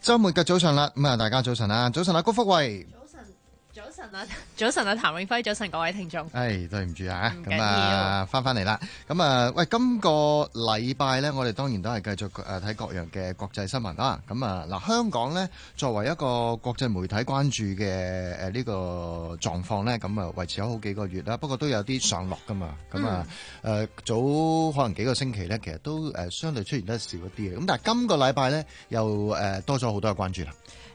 周末嘅早上啦，咁啊，大家早晨啦，早晨啦，高福慧。早晨啊，早譚永輝，早晨各位聽眾。誒、哎，對唔住啊，咁啊，翻翻嚟啦。咁啊，喂，今個禮拜咧，我哋當然都係繼續誒睇各樣嘅國際新聞啦。咁啊，嗱、啊，香港咧作為一個國際媒體關注嘅誒、啊這個、呢個狀況咧，咁啊維持咗好幾個月啦。不過都有啲上落噶嘛。咁、嗯、啊，誒早可能幾個星期咧，其實都誒相對出現得少一啲嘅。咁但係今個禮拜咧，又誒多咗好多嘅關注啦。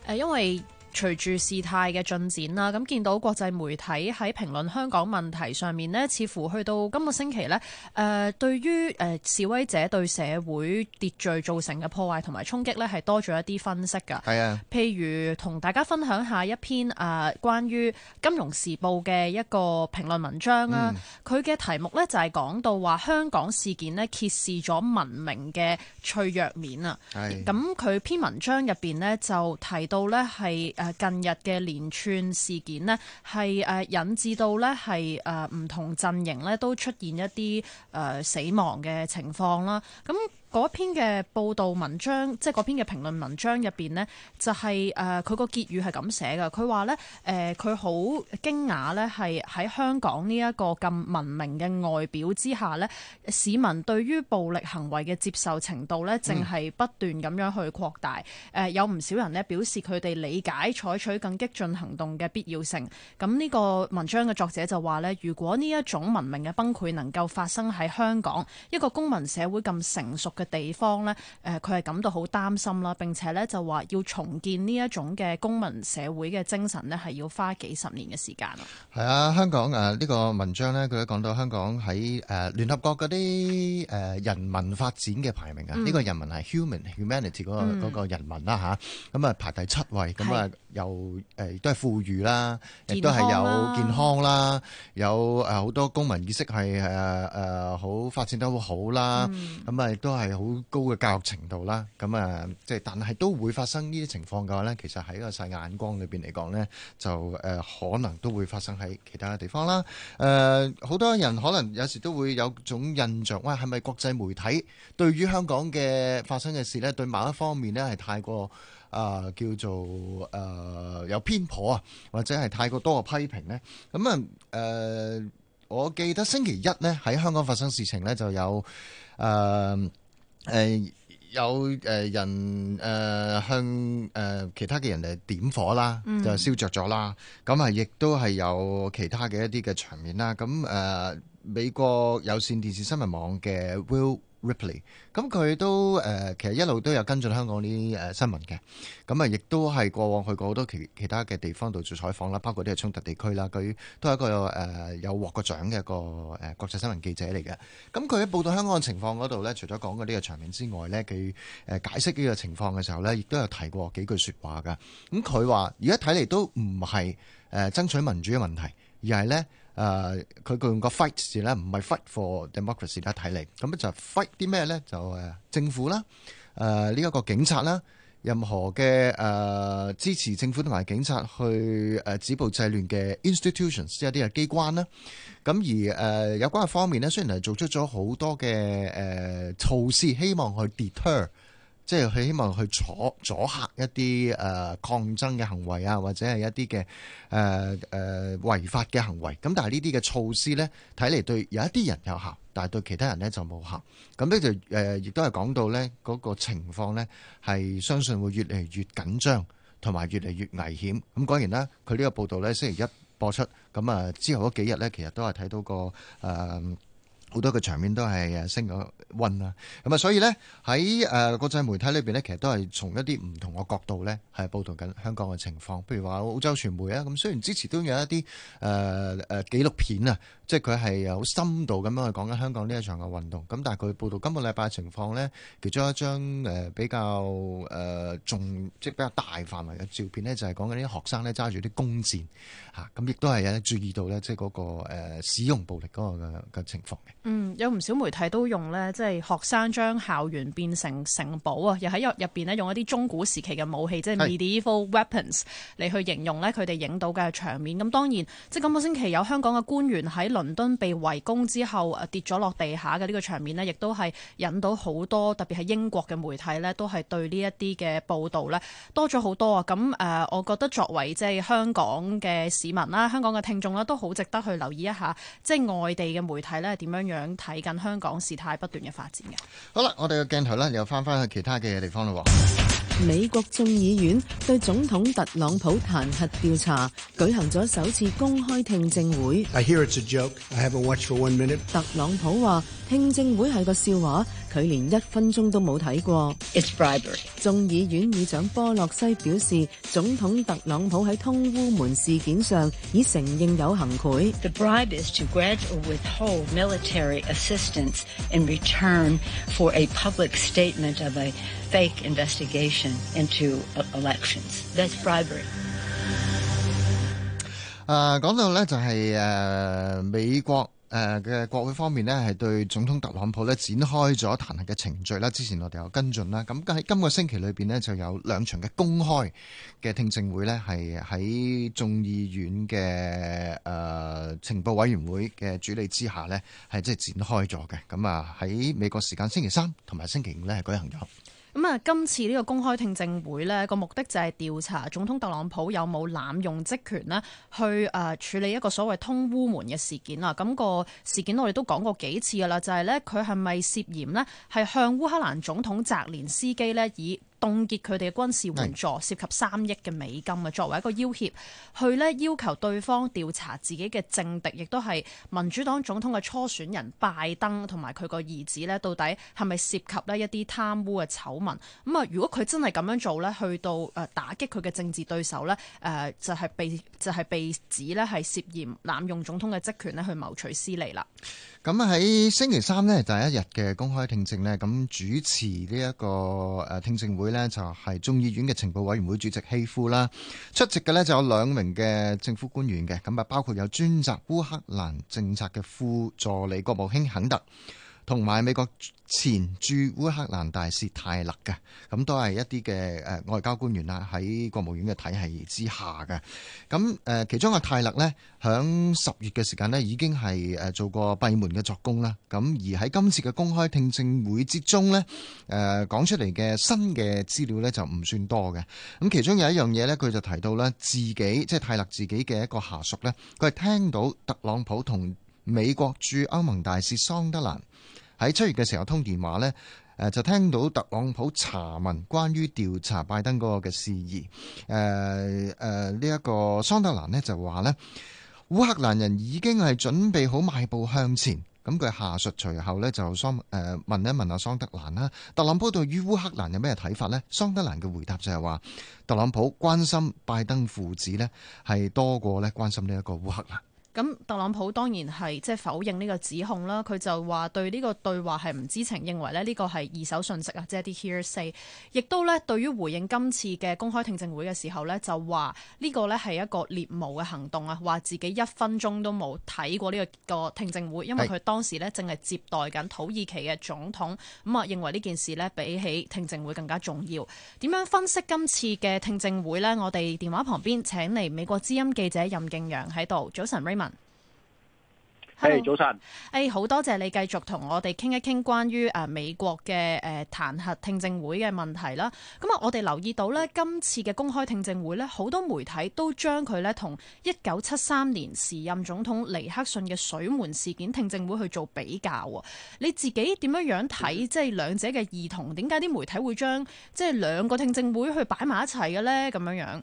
誒，因為隨住事態嘅進展啦，咁見到國際媒體喺評論香港問題上面呢，似乎去到今個星期呢，誒、呃、對於誒、呃、示威者對社會秩序造成嘅破壞同埋衝擊呢係多咗一啲分析㗎。係啊，譬如同大家分享一下一篇誒、呃、關於《金融時報》嘅一個評論文章啦，佢嘅、嗯、題目呢就係講到話香港事件呢揭示咗文明嘅脆弱面啊。係啊。咁佢篇文章入邊呢就提到呢係。近日嘅連串事件呢，係誒引致到呢，係誒唔同陣營呢都出現一啲誒死亡嘅情況啦，咁。嗰篇嘅報導文章，即係嗰篇嘅評論文章入面呢，就係誒佢個結語係咁寫嘅。佢話呢，誒佢好驚訝呢，係喺香港呢一個咁文明嘅外表之下呢，市民對於暴力行為嘅接受程度呢，淨係不斷咁樣去擴大。誒、嗯、有唔少人呢，表示佢哋理解採取更激進行動嘅必要性。咁呢個文章嘅作者就話呢，如果呢一種文明嘅崩潰能夠發生喺香港一個公民社會咁成熟嘅地方咧，誒佢係感到好擔心啦，並且咧就話要重建呢一種嘅公民社會嘅精神咧，係要花幾十年嘅時間咯。係啊，香港誒呢個文章咧，佢都講到香港喺誒聯合國嗰啲誒人民發展嘅排名啊，呢、嗯、個人民係 human humanity 嗰個人民啦吓，咁啊、嗯、排第七位咁啊。又誒、呃，都係富裕啦，亦都係有健康啦，康啊、有誒好多公民意識係誒好發展得好啦。咁啊，亦都係好高嘅教育程度啦。咁啊，即係但係都會發生呢啲情況嘅話呢，其實喺個細眼光裏面嚟講呢，就誒、呃、可能都會發生喺其他地方啦。誒、呃，好多人可能有時都會有種印象，喂，係咪國際媒體對於香港嘅發生嘅事呢，對某一方面呢係太過啊，叫做誒、呃、有偏頗啊，或者係太過多嘅批評咧。咁啊誒，我記得星期一咧，喺香港發生事情咧，就有誒誒、呃呃、有誒人誒、呃、向誒、呃、其他嘅人嚟點火啦，就燒着咗啦。咁啊，亦都係有其他嘅一啲嘅場面啦。咁誒、呃，美國有線電視新聞網嘅 Will。Ripley，咁佢都誒，ley，其實一路都有跟進香港呢啲誒新聞嘅，咁啊，亦都係過往去過好多其其他嘅地方度做採訪啦，包括啲嘅衝突地區啦。佢都係一個誒有獲過獎嘅一個誒國際新聞記者嚟嘅。咁佢喺報道香港嘅情況嗰度呢，除咗講過呢個場面之外呢，佢誒解釋呢個情況嘅時候呢，亦都有提過幾句説話㗎。咁佢話：而家睇嚟都唔係誒爭取民主嘅問題，而係呢。誒佢、uh, 用個 fight 字咧，唔係 fight for democracy 啦，睇嚟咁就 fight 啲咩咧？就政府啦，誒呢一個警察啦，任何嘅誒、呃、支持政府同埋警察去誒止暴制亂嘅 institutions，即係一啲嘅機關啦。咁而誒、呃、有關嘅方面咧，雖然係做出咗好多嘅誒、呃、措施，希望去 deter。即係佢希望去阻阻嚇一啲、呃、抗爭嘅行為啊，或者係一啲嘅、呃呃、違法嘅行為。咁但係呢啲嘅措施咧，睇嚟對有一啲人有效，但係對其他人咧就冇效。咁咧就、呃、亦都係講到咧嗰個情況咧，係相信會越嚟越緊張，同埋越嚟越危險。咁果然啦，佢呢個報導咧，星期一播出，咁啊之後嗰幾日咧，其實都係睇到個誒，呃好多嘅場面都係誒升咗溫啦，咁啊，所以咧喺誒國際媒體裏邊咧，其實都係從一啲唔同嘅角度咧，係報導緊香港嘅情況。譬如話澳洲傳媒啊，咁雖然之前都有一啲誒誒紀錄片啊，即係佢係有深度咁樣去講緊香港呢一場嘅運動。咁但係佢報導今個禮拜嘅情況咧，其中一張誒比較誒、呃、重，即係比較大範圍嘅照片咧，就係、是、講緊啲學生咧揸住啲弓箭嚇，咁、啊、亦都係有注意到咧，即係、那、嗰個、呃、使用暴力嗰個嘅嘅情況嘅。嗯，有唔少媒體都用咧，即係學生將校園變成城堡啊，又喺入入邊咧用一啲中古時期嘅武器，是即係 medieval weapons 嚟去形容咧佢哋影到嘅場面。咁當然，即係今個星期有香港嘅官員喺倫敦被圍攻之後誒跌咗落地下嘅呢個場面咧，亦都係引到好多特別係英國嘅媒體咧，都係對呢一啲嘅報道咧多咗好多啊。咁、嗯、誒我覺得作為即係香港嘅市民啦，香港嘅聽眾啦，都好值得去留意一下，即係外地嘅媒體咧點樣樣想睇緊香港事態不斷嘅發展嘅，好啦，我哋嘅鏡頭咧又返返去其他嘅地方咯。美國眾議院對總統特朗普彈劾調查舉行咗首次公開聽證會。I hear it's a joke. I have a watch for one minute. 特朗普話聽證會係個笑話。佢連一分鐘都冇睇過。眾議院議長波洛西表示，總統特朗普喺通烏門事件上已承認有行賄。誒，講到咧就係誒美國。誒嘅、呃、國會方面呢係對總統特朗普咧展開咗彈劾嘅程序啦。之前我哋有跟進啦，咁喺今個星期裏面呢就有兩場嘅公開嘅聽證會呢係喺眾議院嘅誒、呃、情報委員會嘅主理之下呢係即係展開咗嘅。咁啊，喺美國時間星期三同埋星期五呢，係舉行咗。咁啊，今次呢個公開聽證會呢個目的就係調查總統特朗普有冇濫用職權咧，去誒處理一個所謂通烏門嘅事件啊。咁個事件我哋都講過幾次噶啦，就係呢，佢係咪涉嫌呢，係向烏克蘭總統澤連斯基呢以，凍結佢哋嘅軍事援助，涉及三億嘅美金啊！作為一個要挾，去咧要求對方調查自己嘅政敵，亦都係民主黨總統嘅初選人拜登同埋佢個兒子咧，到底係咪涉及呢一啲貪污嘅醜聞？咁啊，如果佢真係咁樣做咧，去到誒打擊佢嘅政治對手咧，誒就係被就係被指咧係涉嫌濫用總統嘅職權咧去謀取私利啦。咁喺星期三呢，第一日嘅公開聽證呢，咁主持呢一個誒聽證會呢，就係眾議院嘅情報委員會主席希夫啦。出席嘅呢，就有兩名嘅政府官員嘅，咁啊包括有專責烏克蘭政策嘅副助理國務卿肯特。同埋美國前駐烏克蘭大使泰勒嘅。咁都係一啲嘅外交官員啦，喺國務院嘅體系之下嘅。咁其中阿泰勒呢，響十月嘅時間呢，已經係做過閉門嘅作供啦。咁而喺今次嘅公開聽證會之中呢，誒講出嚟嘅新嘅資料呢，就唔算多嘅。咁其中有一樣嘢呢，佢就提到呢，自己即係泰勒自己嘅一個下屬呢，佢係聽到特朗普同美國駐歐盟大使桑德蘭。喺七月嘅時候通電話咧，誒、呃、就聽到特朗普查問關於調查拜登嗰個嘅事宜，誒誒呢一個桑德蘭呢，就話咧，烏克蘭人已經係準備好邁步向前。咁佢下述隨後咧就桑誒、呃、問一問阿桑德蘭啦，特朗普對於烏克蘭有咩睇法咧？桑德蘭嘅回答就係話，特朗普關心拜登父子咧係多過咧關心呢一個烏克蘭。咁特朗普當然係即係否認呢個指控啦，佢就話對呢個對話係唔知情，認為咧呢個係二手信息啊，即係啲 hear say。亦都咧對於回應今次嘅公開聽證會嘅時候呢，就話呢個呢係一個獵巫嘅行動啊，話自己一分鐘都冇睇過呢個個聽證會，因為佢當時呢正係接待緊土耳其嘅總統，咁啊認為呢件事呢比起聽證會更加重要。點樣分析今次嘅聽證會呢？我哋電話旁邊請嚟美國之音記者任敬揚喺度，早晨 Raymond。係、hey, 早晨，誒好多謝你繼續同我哋傾一傾關於誒美國嘅誒彈劾聽證會嘅問題啦。咁啊，我哋留意到咧，今次嘅公開聽證會咧，好多媒體都將佢咧同一九七三年時任總統尼克遜嘅水門事件聽證會去做比較。你自己點樣樣睇？即係兩者嘅異同？點解啲媒體會將即係兩個聽證會去擺埋一齊嘅咧？咁樣樣？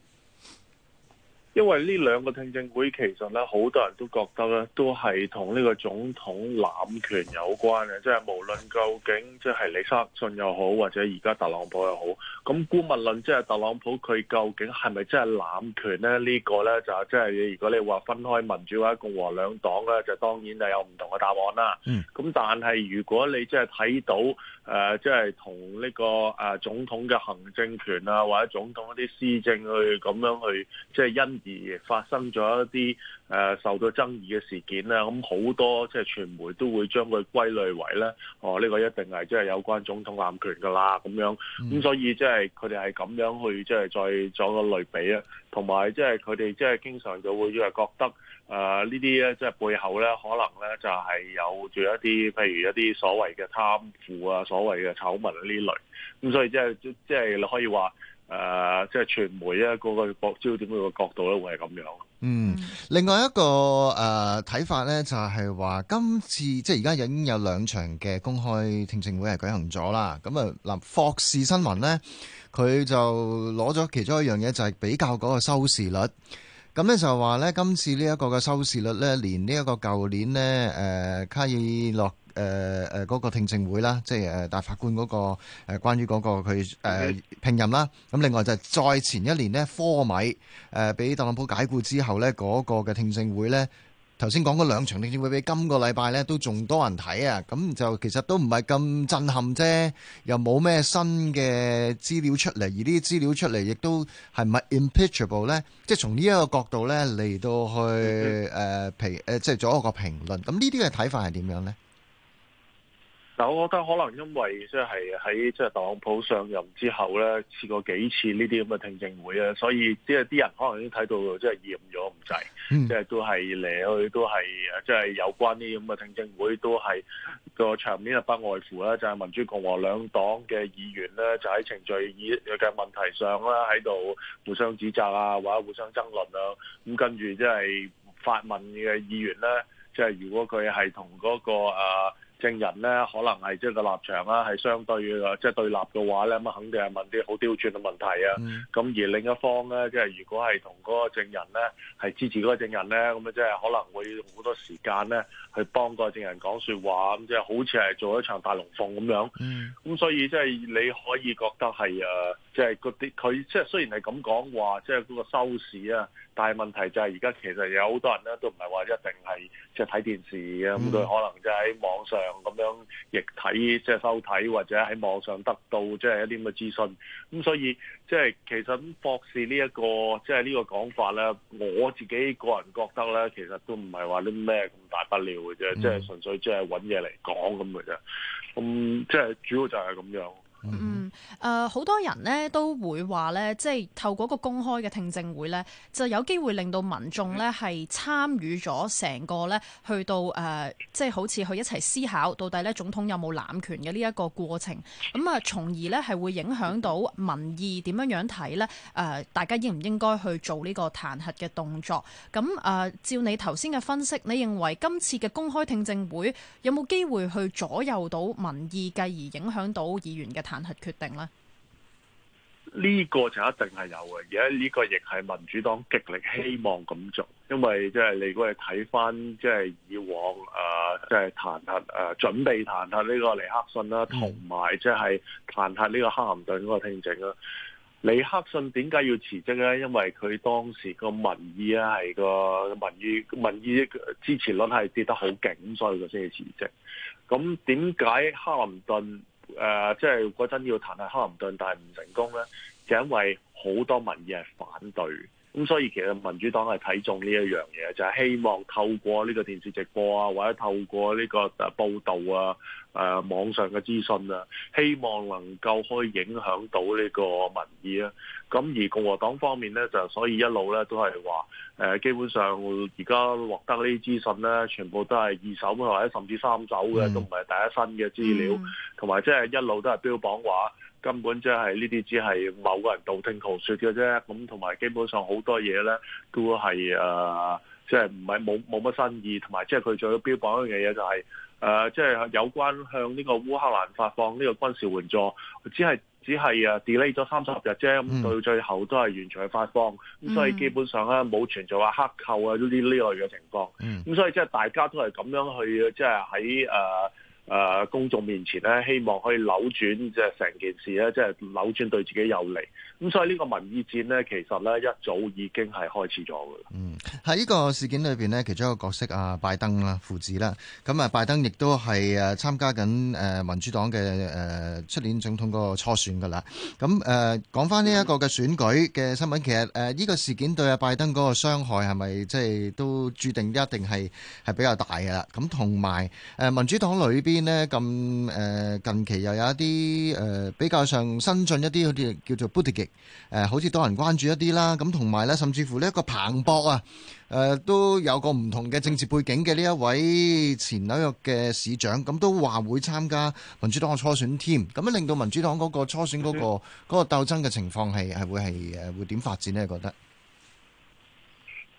因為呢兩個聽證會其實咧，好多人都覺得咧，都係同呢個總統攬權有關嘅，即係無論究竟即係尼克遜又好，或者而家特朗普又好，咁姑勿論即係特朗普佢究竟係咪真係攬權咧？這個、呢個咧就即、是、係如果你話分開民主或者共和兩黨咧，就當然就有唔同嘅答案啦。咁、嗯、但係如果你即係睇到誒，即係同呢個誒總統嘅行政權啊，或者總統一啲施政去咁樣去即係因。就是而發生咗一啲誒受到爭議嘅事件咧，咁好多即係傳媒都會將佢歸類為咧，哦呢、呢個一定係即係有關總統濫權噶啦，咁樣，咁、mm. 所以即係佢哋係咁樣去即係再作個類比啊，同埋即係佢哋即係經常就會覺得誒呢啲咧即係背後咧可能咧就係有住一啲譬如一啲所謂嘅貪腐啊、所謂嘅醜聞呢、啊、類，咁所以即係即係你可以話。誒、呃，即係傳媒啊，嗰個報焦點樣個角度咧，會係咁樣。嗯，另外一個誒睇、呃、法咧，就係、是、話今次即係而家已經有兩場嘅公開聽證會係舉行咗啦。咁啊，嗱，霍士新聞咧，佢就攞咗其中一樣嘢，就係比較嗰個收視率。咁咧就係話咧，今次呢一個嘅收視率咧，連呢一個舊年呢，誒、呃、卡爾諾。誒誒，嗰、呃，那個聽證會啦，即係誒大法官嗰、那個誒、呃，關於嗰個佢誒、呃、聘任啦。咁另外就係再前一年呢，科米誒俾、呃、特朗普解僱之後呢，嗰、那個嘅聽證會呢，頭先講嗰兩場聽證會，比今個禮拜呢，都仲多人睇啊。咁就其實都唔係咁震撼啫，又冇咩新嘅資料出嚟，而呢啲資料出嚟亦都係唔係 impeachable 呢？即係從呢一個角度呢嚟到去誒誒、呃呃評，即係做一個評論。咁呢啲嘅睇法係點樣呢？我覺得可能因為即係喺即係特朗普上任之後咧，試過幾次呢啲咁嘅聽證會啊，所以即係啲人可能已經睇到即係厭咗唔滯，即係、就是、都係嚟去都係即係有關呢啲咁嘅聽證會，都係個場面不外乎啦，就係、是、民主共和兩黨嘅議員咧，就喺程序議嘅問題上啦，喺度互相指責啊，或者互相爭論啊，咁跟住即係發問嘅議員咧，即、就、係、是、如果佢係同嗰個、啊證人咧可能係即係個立場啦，係相對嘅即係對立嘅話咧，咁肯定係問啲好刁鑽嘅問題啊。咁、mm hmm. 而另一方咧，即、就、係、是、如果係同嗰個證人咧係支持嗰個證人咧，咁啊即係可能會好多時間咧去幫個證人講說話，咁即係好似係做一場大龍鳳咁樣。咁、mm hmm. 所以即係你可以覺得係誒，即係嗰啲佢即係雖然係咁講話，即係嗰個收視啊。但係問題就係而家其實有好多人咧都唔係話一定係即係睇電視，咁佢、嗯、可能就喺網上咁樣亦睇即係收睇或者喺網上得到即係一啲咁嘅資訊。咁所以即係其實博士、這個就是、呢一個即係呢個講法咧，我自己個人覺得咧，其實都唔係話啲咩咁大不了嘅啫，即係、嗯、純粹即係揾嘢嚟講咁嘅啫。咁即係主要就係咁樣。嗯，誒、呃、好多人咧都會話咧，即係透過個公開嘅聽證會咧，就有機會令到民眾咧係參與咗成個咧去到誒即係好似去一齊思考到底咧總統有冇濫權嘅呢一個過程，咁啊，從而咧係會影響到民意點樣樣睇咧，誒、呃、大家應唔應該去做呢個彈劾嘅動作？咁、呃、誒照你頭先嘅分析，你認為今次嘅公開聽證會有冇機會去左右到民意，繼而影響到議員嘅？彈劾決定咧？呢個就一定係有嘅，而家呢個亦係民主黨極力希望咁做，因為即、就、係、是、你如果係睇翻即係以往誒，即係彈劾誒、呃，準備彈劾呢個尼克遜啦，同埋即係彈劾呢個克林頓嗰個聽證啦。尼克遜點解要辭職咧？因為佢當時民個民意咧，係個民意民意支持率係跌得好勁，所以佢先要辭職。咁點解克林頓？誒、呃，即係嗰陣要彈下克林頓，但係唔成功咧，就因為好多民意係反對。咁所以其實民主黨係睇中呢一樣嘢，就係、是、希望透過呢個電視直播啊，或者透過呢個報道啊、誒、啊、網上嘅資訊啊，希望能夠可以影響到呢個民意啊。咁而共和黨方面咧，就所以一路咧都係話誒，基本上而家獲得呢啲資訊咧，全部都係二手或者甚至三手嘅，都唔係第一身嘅資料，同埋即係一路都係標榜話。根本即係呢啲，只係某個人道聽途説嘅啫。咁同埋基本上好多嘢咧，都係誒，即係唔係冇冇乜新意。同埋即係佢仲要標榜一樣嘢就係、是、誒，即、呃、係、就是、有關向呢個烏克蘭發放呢個軍事援助，只係只係誒 delay 咗三十日啫。咁、mm. 到最後都係完全發放。咁所以基本上咧、啊，冇、mm. 存在話克扣啊呢呢類嘅情況。咁、mm. 所以即、就、係、是、大家都係咁樣去，即係喺誒。呃誒公眾面前咧，希望可以扭轉即係成件事咧，即係扭轉對自己有利。咁所以呢個民意戰咧，其實咧一早已經係開始咗㗎啦。嗯，喺呢個事件裏邊咧，其中一個角色啊，拜登啦父子啦，咁啊拜登亦都係誒參加緊誒民主黨嘅誒出年總統嗰個初選㗎啦。咁誒講翻呢一個嘅選舉嘅新聞，其實誒呢個事件對啊拜登嗰個傷害係咪即係都註定一定係係比較大㗎啦？咁同埋誒民主黨裏邊。咧，咁誒近期又有一啲誒比較上新進一啲，好似叫做布迪吉誒，好似多人關注一啲啦。咁同埋呢，甚至乎呢一個彭博啊，誒都有個唔同嘅政治背景嘅呢一位前紐約嘅市長，咁都話會參加民主黨嘅初選添。咁樣令到民主黨嗰個初選嗰個嗰個鬥爭嘅情況係係會係誒會點發展咧？覺得？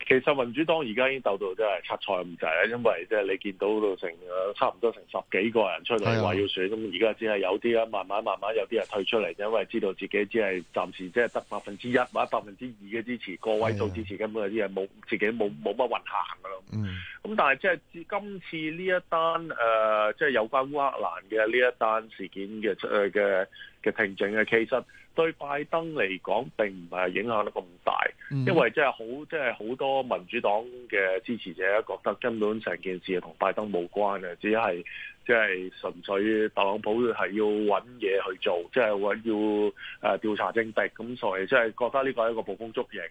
其實民主黨而家已經鬥到真係七彩咁滯，因為即係你見到到成差唔多成十幾個人出嚟話要選，咁而家只係有啲啊，慢慢慢慢有啲人退出嚟，因為知道自己只係暫時即係得百分之一或者百分之二嘅支持，個位數支持根本的有啲係冇自己冇冇乜運行㗎咯。咁、嗯、但係即係今次呢一單誒，即、呃、係、就是、有關烏克蘭嘅呢一單事件嘅出嘅嘅聽證嘅，其實。對拜登嚟講並唔係影響得咁大，因為即係好即係好多民主黨嘅支持者覺得根本成件事係同拜登冇關嘅，只係即係純粹特朗普係要揾嘢去做，即係揾要誒調查政敵，咁所以即係覺得呢個係一個捕風捉影，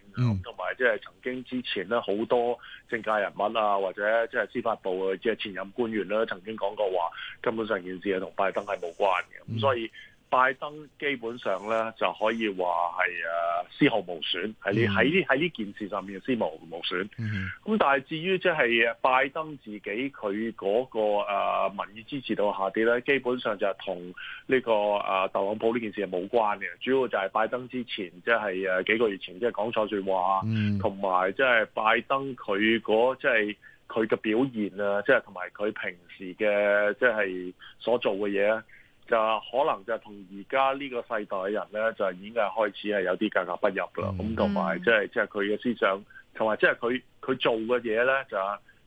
同埋即係曾經之前咧好多政界人物啊或者即係司法部啊，即係前任官員咧、啊、曾經講過話，根本上件事係同拜登係冇關嘅，咁所以。拜登基本上咧就可以話係誒絲毫無損。喺呢喺呢喺呢件事上面絲毫無損。咁、嗯、但係至於即係拜登自己佢嗰個誒民意支持度下跌咧，基本上就係同呢個誒、啊、特朗普呢件事係冇關嘅。主要就係拜登之前即係誒幾個月前即係、就是、講錯説話，同埋即係拜登佢嗰即係佢嘅表現啊，即係同埋佢平時嘅即係所做嘅嘢。就可能就同而家呢個世代嘅人咧，就已經係開始係有啲格格不入啦。咁同埋即係即係佢嘅思想，同埋即係佢佢做嘅嘢咧，就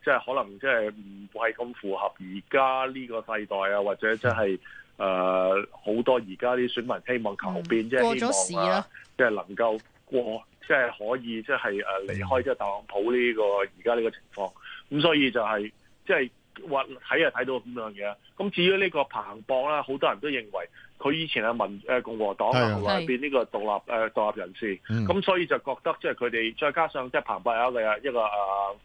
即係可能即係唔係咁符合而家呢個世代啊，或者即係誒好多而家啲選民希望求變，即係、嗯、希望啊，即係能夠過，即係可以即係離開即係特朗普呢個而家呢個情況。咁所以就係即係。就是。或睇啊睇到咁樣嘢，咁至於呢個彭博啦，好多人都認為佢以前係民誒共和黨啊，同埋變呢的個獨立誒、呃、獨立人士，咁、嗯、所以就覺得即係佢哋再加上即係彭博有一個一個誒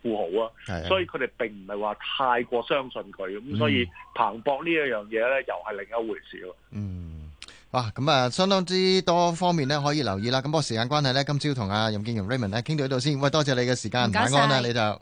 富豪啊，的所以佢哋並唔係話太過相信佢，咁、嗯、所以彭博呢一樣嘢咧，又係另一回事咯。嗯，哇，咁啊，相當之多方面咧可以留意啦。咁不過時間關係咧，今朝同阿任敬揚 Raymond 咧傾到呢度先。喂，多謝你嘅時間，晚謝安啦、啊，你就好。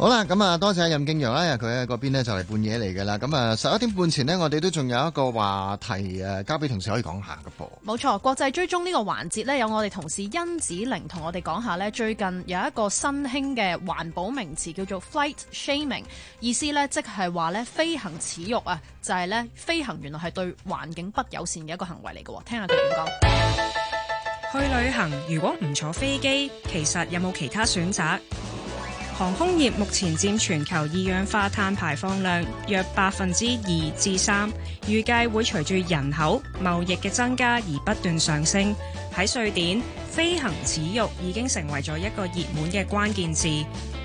好啦，咁啊，多謝阿任敬揚啦，佢喺嗰邊咧就嚟半夜嚟噶啦，咁啊，十一點半前呢，我哋都仲有一個話題誒，交俾同事可以講下噶噃。冇錯，國際追蹤呢個環節咧，有我哋同事甄梓鈴同我哋講下咧，最近有一個新興嘅環保名詞叫做 Flight Shaming，意思咧即係話咧飛行恥辱啊，就係、是、咧飛行原來係對環境不友善嘅一個行為嚟喎。聽下佢點講。去旅行如果唔坐飛機，其實有冇其他選擇？航空業目前佔全球二氧化碳排放量約百分之二至三，預計會隨住人口貿易嘅增加而不斷上升。喺瑞典，飛行恥辱已經成為咗一個熱門嘅關鍵字，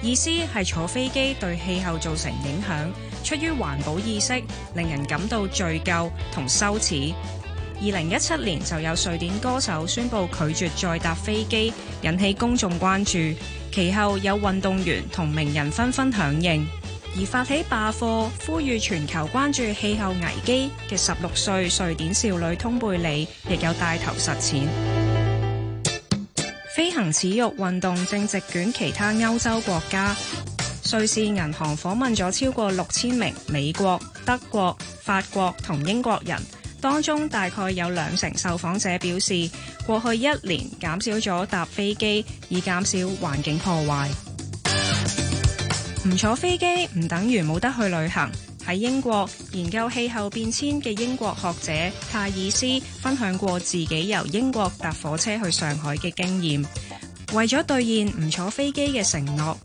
意思係坐飛機對氣候造成影響，出於環保意識，令人感到罪疚同羞恥。二零一七年就有瑞典歌手宣布拒絕再搭飛機，引起公眾關注。其後有運動員同名人紛紛響應，而發起罷課、呼籲全球關注氣候危機嘅十六歲瑞典少女通貝里，亦有帶頭實踐。 飛行恥辱運動正席捲其他歐洲國家。瑞士銀行訪問咗超過六千名美國、德國、法國同英國人。當中大概有兩成受訪者表示，過去一年減少咗搭飛機，以減少環境破壞。唔 坐飛機唔等於冇得去旅行。喺英國研究氣候變遷嘅英國學者泰爾斯分享過自己由英國搭火車去上海嘅經驗。為咗兌現唔坐飛機嘅承諾，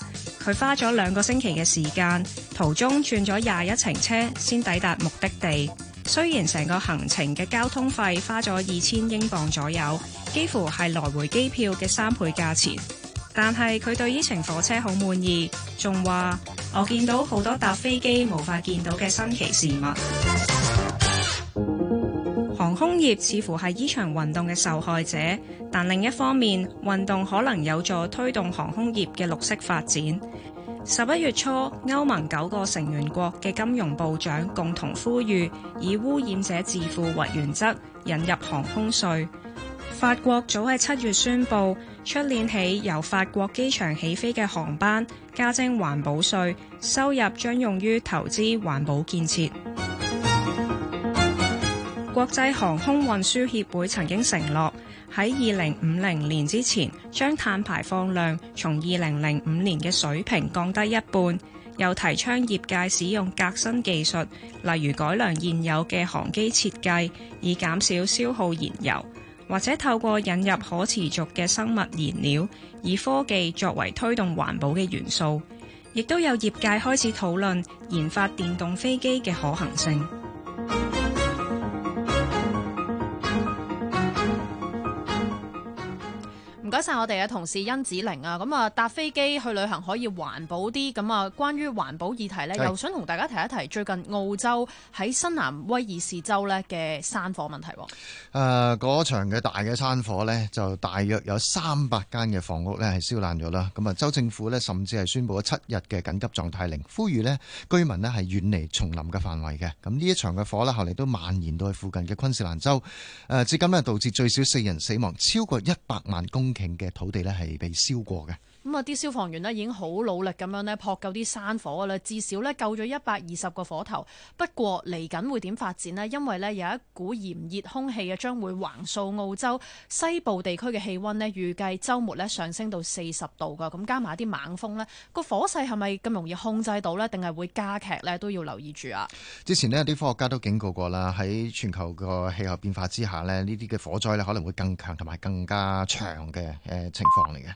佢花咗兩個星期嘅時間，途中轉咗廿一程車先抵達目的地。雖然成個行程嘅交通費花咗二千英鎊左右，幾乎係來回機票嘅三倍價錢，但係佢對呢程火車好滿意，仲話我見到好多搭飛機無法見到嘅新奇事物。航空業似乎係呢場運動嘅受害者，但另一方面，運動可能有助推動航空業嘅綠色發展。十一月初，歐盟九個成員國嘅金融部長共同呼籲，以污染者自負為原則，引入航空稅。法國早喺七月宣布，出年起由法國機場起飛嘅航班加徵環保稅，收入將用於投資環保建設。國際航空運輸協會曾經承諾，喺二零五零年之前，將碳排放量從二零零五年嘅水平降低一半。又提倡業界使用革新技術，例如改良現有嘅航機設計，以減少消耗燃油，或者透過引入可持續嘅生物燃料，以科技作為推動環保嘅元素。亦都有業界開始討論研發電動飛機嘅可行性。多謝晒我哋嘅同事甄梓鈴啊，咁啊搭飛機去旅行可以環保啲，咁啊關於環保議題呢，又想同大家提一提最近澳洲喺新南威爾士州呢嘅山火問題。誒、呃，嗰場嘅大嘅山火呢，就大約有三百間嘅房屋呢係燒爛咗啦。咁啊，州政府呢，甚至係宣布咗七日嘅緊急狀態令，呼籲呢居民呢係遠離叢林嘅範圍嘅。咁呢一場嘅火呢，後嚟都蔓延到去附近嘅昆士蘭州。誒，至今呢，導致最少四人死亡，超過一百萬公頃。嘅土地咧，係被燒過嘅。咁啊！啲消防員呢已經好努力咁樣呢，撲救啲山火噶啦，至少呢救咗一百二十個火頭。不過嚟緊會點發展呢？因為呢有一股炎熱空氣嘅，將會橫掃澳洲西部地區嘅氣溫呢預計周末呢上升到四十度噶。咁加埋啲猛風呢，個火勢係咪咁容易控制到呢？定係會加劇呢？都要留意住啊！之前呢啲科學家都警告過啦，喺全球個氣候變化之下呢，呢啲嘅火災呢可能會更強同埋更加長嘅誒情況嚟嘅。